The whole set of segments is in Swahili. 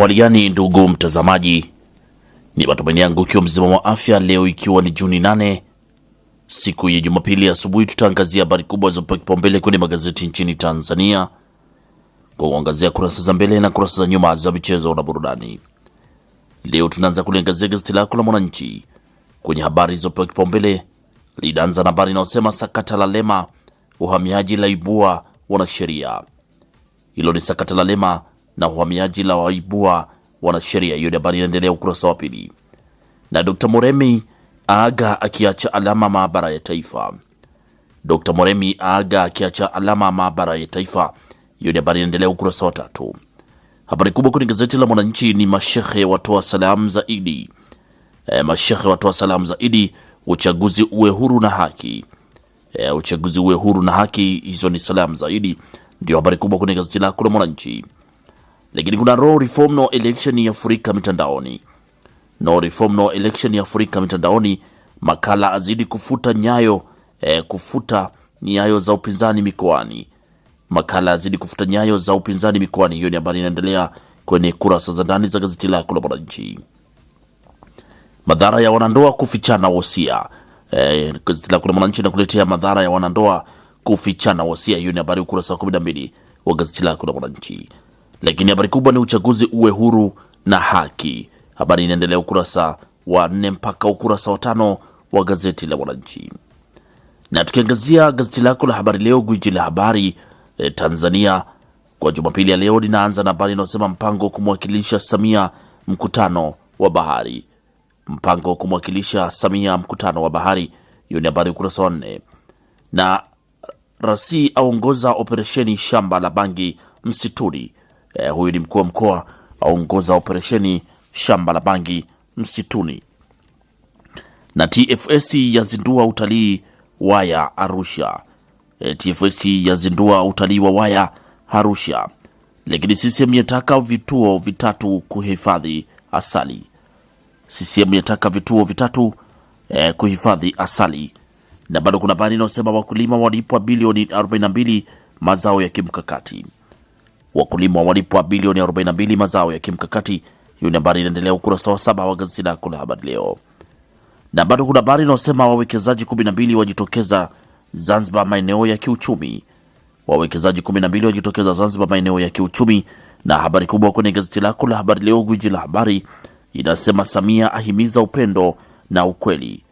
Hali ndugu mtazamaji, ni matumaini yangu ukiwa mzima wa afya. Leo ikiwa ni Juni nane, siku ya Jumapili asubuhi, tutaangazia habari kubwa zilizopewa kipaumbele kwenye magazeti nchini Tanzania kwa kuangazia kurasa za mbele na kurasa za nyuma za michezo na burudani. Leo tunaanza kuliangazia gazeti lako la Mwananchi kwenye habari zilizopewa kipaumbele, linaanza na habari inayosema sakata la Lema, uhamiaji laibua wanasheria. Hilo ni sakata la Lema na uhamiaji la waibua wanasheria. Hiyo habari inaendelea ukurasa wa pili. Na Dr. Moremi aga akiacha alama maabara ya taifa. Dr. Moremi aga akiacha alama maabara ya taifa. Hiyo habari inaendelea ukurasa wa tatu. Habari kubwa kwenye gazeti la Mwananchi ni mashehe watoa salamu za Idi. E, mashehe watoa salamu za Idi. Uchaguzi uwe huru na haki. E, uchaguzi uwe huru na haki. Hizo ni salamu zaidi, ndio habari kubwa kwenye gazeti lako la Mwananchi lakini kuna no reform no election ya Afrika mitandaoni. No reform no election ya Afrika mitandaoni, makala azidi kufuta nyayo eh, kufuta nyayo za upinzani mikoani. Makala azidi kufuta nyayo za upinzani mikoani. Hiyo ni habari inaendelea kwenye kurasa za ndani za gazeti lako la Mwananchi. Madhara ya wanandoa kufichana wosia. Eh, gazeti lako la Mwananchi nakuletea madhara ya wanandoa kufichana wosia. Hiyo ni habari ukurasa wa 12 wa gazeti lako la Mwananchi lakini habari kubwa ni uchaguzi uwe huru na haki. Habari inaendelea ukurasa wa nne mpaka ukurasa wa tano wa gazeti la Mwananchi, na tukiangazia gazeti lako la Habari Leo, gwiji la habari e, Tanzania kwa Jumapili ya leo linaanza na habari inayosema mpango kumwakilisha Samia mkutano wa bahari. Mpango kumwakilisha Samia mkutano wa bahari, hiyo ni habari ukurasa wa nne. Na Rasi aongoza operesheni shamba la bangi msituni eh, huyu ni mkuu wa mkoa aongoza operesheni shamba la bangi msituni. Na TFS yazindua utalii waya Arusha. E, eh, TFS yazindua utalii wa waya Arusha, lakini CCM yataka vituo vitatu kuhifadhi asali. CCM yataka vituo vitatu e, kuhifadhi asali. Na bado kuna bani inayosema wakulima walipwa bilioni 42 mazao ya kimkakati wakulima walipwa bilioni 42 mazao ya kimkakati. Hiyo ni habari inaendelea ukurasa wa saba wa gazeti lako la habari leo, na bado kuna habari inayosema wawekezaji 12 wajitokeza Zanzibar maeneo ya kiuchumi. Wawekezaji 12 wajitokeza Zanzibar maeneo ya kiuchumi. Na habari kubwa kwenye gazeti lako la habari leo, gwiji la habari inasema Samia ahimiza upendo na ukweli.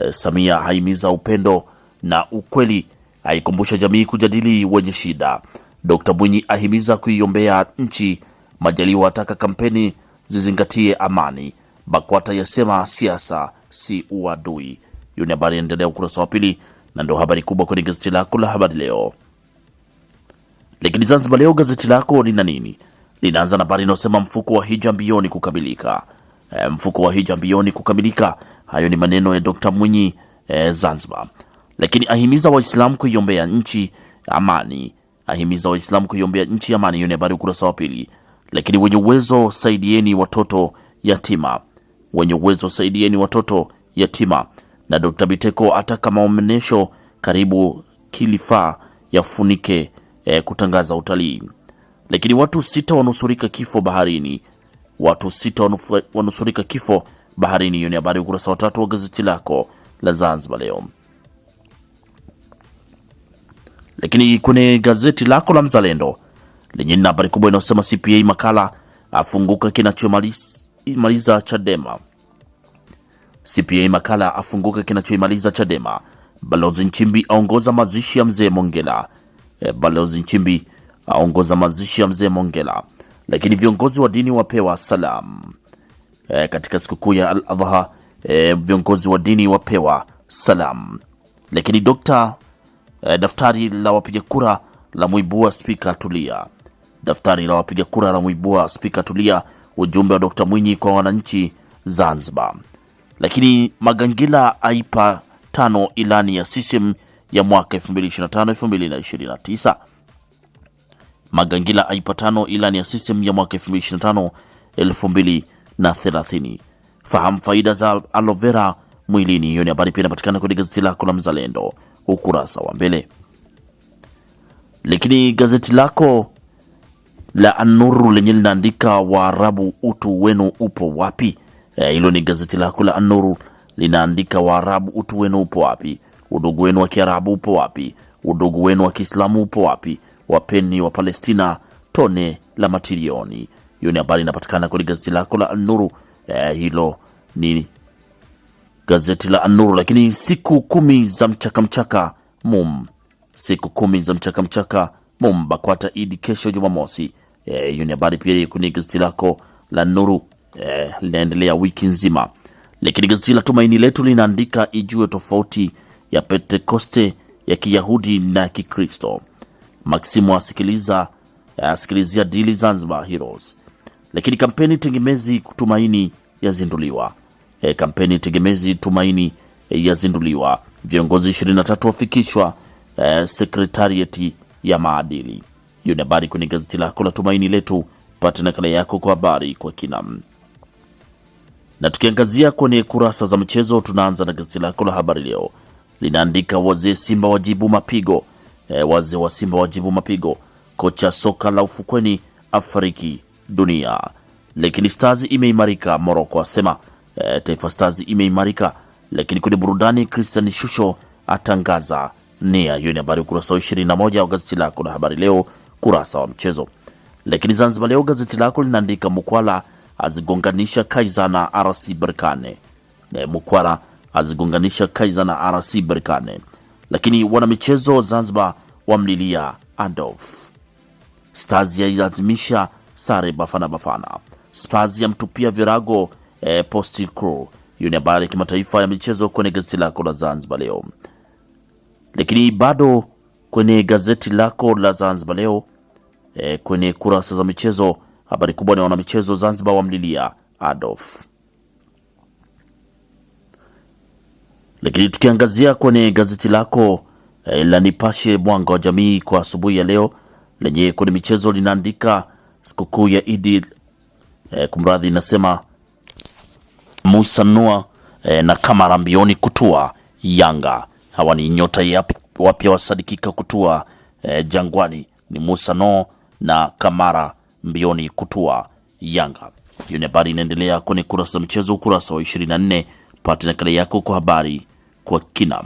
E, Samia ahimiza upendo na ukweli, aikumbusha jamii kujadili wenye shida. Dkt Mwinyi ahimiza kuiombea nchi. Majaliwa ataka kampeni zizingatie amani. BAKWATA yasema siasa si uadui. Hiyo ni habari inaendelea ukurasa wa pili, na ndio habari kubwa kwenye gazeti lako la habari leo. Lakini Zanzibar Leo gazeti lako lina nini? Linaanza na habari inayosema mfuko wa hija mbioni kukamilika. E, mfuko wa hija mbioni kukamilika. Hayo ni maneno ya Dkt Mwinyi e, Zanzibar. Lakini ahimiza Waislamu kuiombea nchi amani ahimiza Waislamu kuiombea nchi ya amani. Hiyo ni habari ukurasa wa pili. Lakini wenye uwezo saidieni watoto yatima, wenye uwezo saidieni watoto yatima. Na Dr. Biteko ataka maonesho karibu kilifaa yafunike eh, kutangaza utalii. Lakini watu sita wanusurika kifo baharini, watu sita wanusurika kifo baharini. Hiyo ni habari ukurasa wa tatu wa gazeti lako la Zanzibar Leo. Lakini kwenye gazeti lako la Mzalendo lenye na habari kubwa inayosema CPA makala afunguka kinachomaliza Chadema. CPA makala afunguka kinachoimaliza Chadema. Balozi Nchimbi aongoza mazishi ya mzee Mongela. E, Balozi Nchimbi aongoza mazishi ya mzee Mongela. Lakini viongozi wa dini wapewa salam e, katika sikukuu ya Al-Adha e, viongozi wa dini wapewa salam. Lakini Dr e, daftari la wapiga kura la muibua spika Tulia. Daftari la wapiga kura la muibua spika Tulia, ujumbe wa Dr. Mwinyi kwa wananchi Zanzibar. Lakini Magangila aipa tano ilani ya CCM ya mwaka 2025-2029. Magangila aipa tano ilani ya CCM ya mwaka 2025-2030. Fahamu faida za aloe vera mwilini. Hiyo ni habari pia inapatikana kwenye gazeti lako la Mzalendo ukurasa wa mbele. Lakini gazeti lako la Anuru lenye linaandika Waarabu, utu wenu upo wapi? Eh, hilo e, ni gazeti lako la Anuru linaandika Waarabu, utu wenu upo wapi? Udugu wenu wa Kiarabu upo wapi? Udugu wenu wa Kiislamu upo wapi? Wapeni wa Palestina tone la matilioni. Hiyo ni habari inapatikana kwenye gazeti lako la Nuru. E, eh, hilo ni gazeti la Anuru. Lakini siku kumi za mchakamchaka mum, siku kumi za mchakamchaka mum, BAKWATA Idi kesho Jumamosi. E, hiyo ni habari pia kwenye gazeti lako la Nuru e, eh, linaendelea wiki nzima. Lakini gazeti la Tumaini Letu linaandika ijue tofauti ya Pentekoste ya Kiyahudi na Kikristo. Maksimu asikiliza asikilizia dili Zanzibar Heroes. Lakini kampeni tengemezi kutumaini yazinduliwa e, kampeni tegemezi Tumaini e, yazinduliwa, viongozi 23 wafikishwa e, sekretarieti ya maadili. Hiyo ni habari kwenye gazeti lako la Tumaini Letu, pata nakala yako kwa habari kwa kina. Na tukiangazia kwenye kurasa za mchezo, tunaanza na gazeti lako la Habari Leo linaandika wazee Simba wajibu mapigo e, wazee wa Simba wajibu mapigo, kocha soka la ufukweni afariki dunia, lakini Stars imeimarika, Moroko asema eh, Taifa Stars imeimarika. Lakini kwenye burudani, Christian Shusho atangaza nia. Hiyo ni habari ukurasa wa 21 wa gazeti lako la Habari Leo kurasa wa mchezo. Lakini Zanzibar Leo gazeti lako linaandika Mukwala azigonganisha Kaiza na RC Berkane. Na eh, Mukwala azigonganisha Kaiza na RC Berkane. Lakini wana michezo Zanzibar wamlilia Adolf. Stars yailazimisha sare Bafana Bafana. Spurs yamtupia virago eh, Posti Crew. Hiyo ni habari ya kimataifa ya michezo kwenye gazeti lako la Zanzibar Leo. Lakini bado kwenye gazeti lako la Zanzibar Leo eh, kwenye kurasa za michezo, habari kubwa ni wanamichezo Zanzibar wamlilia Adolf. Lakini tukiangazia kwenye gazeti lako eh, la Nipashe Mwanga wa Jamii kwa asubuhi ya leo lenye kwenye michezo linaandika sikukuu ya Idi eh, kumradhi, inasema Musa Nua e, eh, na Kamara mbioni kutua Yanga. Hawa ni nyota wapya wasadikika kutua e, Jangwani ni Musa Nua na Kamara mbioni kutua Yanga. Hiyo ni habari inaendelea kwenye kurasa za mchezo, ukurasa wa 24. Pata nakala yako kwa habari kwa kina.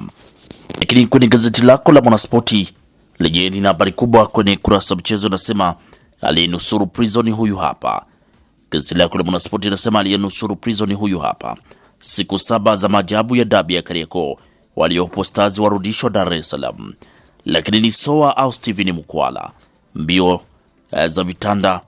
Lakini kwenye gazeti lako la Mwanaspoti lenyewe lina habari kubwa kwenye kurasa za mchezo, nasema aliyenusuru prison huyu hapa Gazeti lako la Mwanaspoti inasema aliyenusuru prison huyu hapa. Siku saba za maajabu ya dabi ya Kariakoo, waliopo Stars warudishwa Dar es Salaam. Lakini ni Soa au Steven Mkwala, mbio eh, za vitanda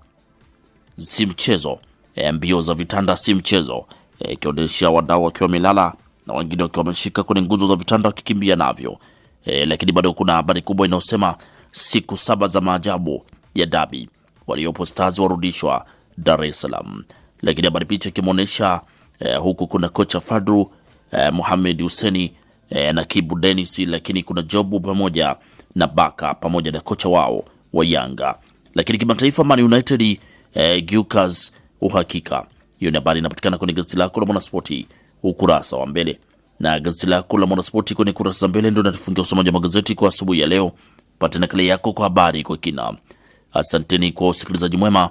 si mchezo eh, mbio za vitanda si mchezo eh, ikionyesha eh, wadau wakiwa wamelala na wengine wakiwa wameshika kwenye nguzo za vitanda wakikimbia navyo eh, lakini bado kuna habari kubwa inayosema siku saba za maajabu ya dabi, waliopo Stars warudishwa Dar es Salaam. Lakini habari picha ikimwonyesha eh, huku kuna kocha Fadru eh, Mohamed Huseni eh, na Kibu Dennis, lakini kuna Jobu pamoja na Baka pamoja na kocha wao wa Yanga. Lakini kimataifa Man United eh, Gyukas uhakika. Hiyo ni habari inapatikana kwenye gazeti lako la Mwanaspoti ukurasa wa mbele na gazeti lako la Mwanaspoti kwenye kurasa za mbele ndio natufungia usomaji wa magazeti kwa asubuhi ya leo. Pata nakala yako kwa habari kwa kina. Asanteni kwa usikilizaji mwema